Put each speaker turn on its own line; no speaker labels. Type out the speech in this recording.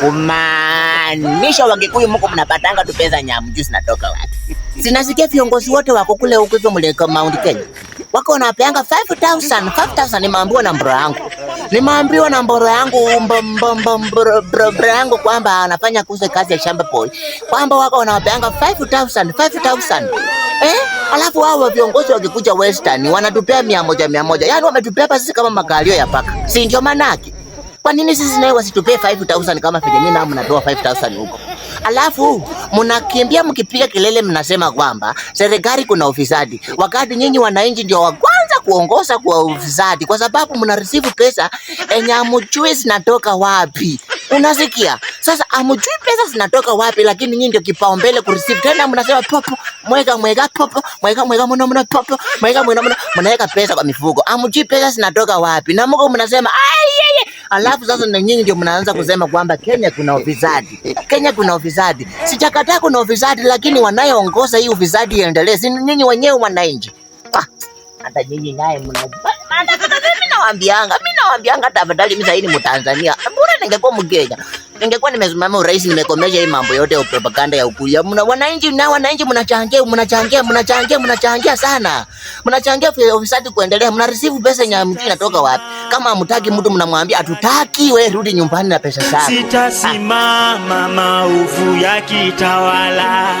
kumaanisha Wagikuyu muko mnapatanga tu pesa nyamjuu zinatoka wapi? Sinasikia viongozi wote wako kule huko mleko Mount Kenya wako wanapeanga 5000 5000. ni maambiwa na mbro yangu, Ni maambiwa na mbro yangu mbro yangu kwamba anafanya kuse kazi ya shamba boy, kwamba wako wanapeanga 5000 5000 Eh? Alafu hao wa viongozi wakikuja Western wanatupea mia moja mia moja. Yaani wametupea hapa sisi kama makalio ya paka. Si ndio manake? Kwa nini sisi naye wasitupee 5000 kama fedha mimi na mnatoa 5000 huko? Alafu mnakimbia mkipiga kelele mnasema kwamba serikali kuna ufisadi. Wakati nyinyi wananchi ndio wa kwanza kuongoza kwa ufisadi kwa sababu mna receive pesa enyamu juice natoka wapi. Unasikia? Sasa amujui pesa zinatoka wapi, lakini nyinyi ndio kipaumbele ku receive. Tena mnasema popo, mweka mweka popo, mweka mweka mno mno popo, mweka mno mno, mnaweka pesa kwa mifuko. amujui pesa zinatoka wapi. Na mko mnasema ai yeye. Alafu sasa na nyinyi ndio mnaanza kusema kwamba Kenya kuna ufisadi. Kenya kuna ufisadi. Sijakataa kuna ufisadi, lakini wanayoongoza hii ufisadi iendelee. Si nyinyi wenyewe wananchi. Ah, hata nyinyi naye mnajua. Mimi nawaambianga, mimi nawambianga hata afadhali mimi saini Mtanzania. Mbona ningekuwa Mkenya? Ningekuwa nimesimama urais nimekomesha hii mambo yote ya propaganda ya ukuya. Mna wananchi na wananchi mnachangia, mnachangia, mnachangia, mnachangia sana. Mnachangia ofisati kuendelea. Mna receive pesa nya mtu inatoka wapi? Kama hamtaki mtu mnamwambia hatutaki, we rudi nyumbani na pesa zako. Sitasimama maovu kitawala.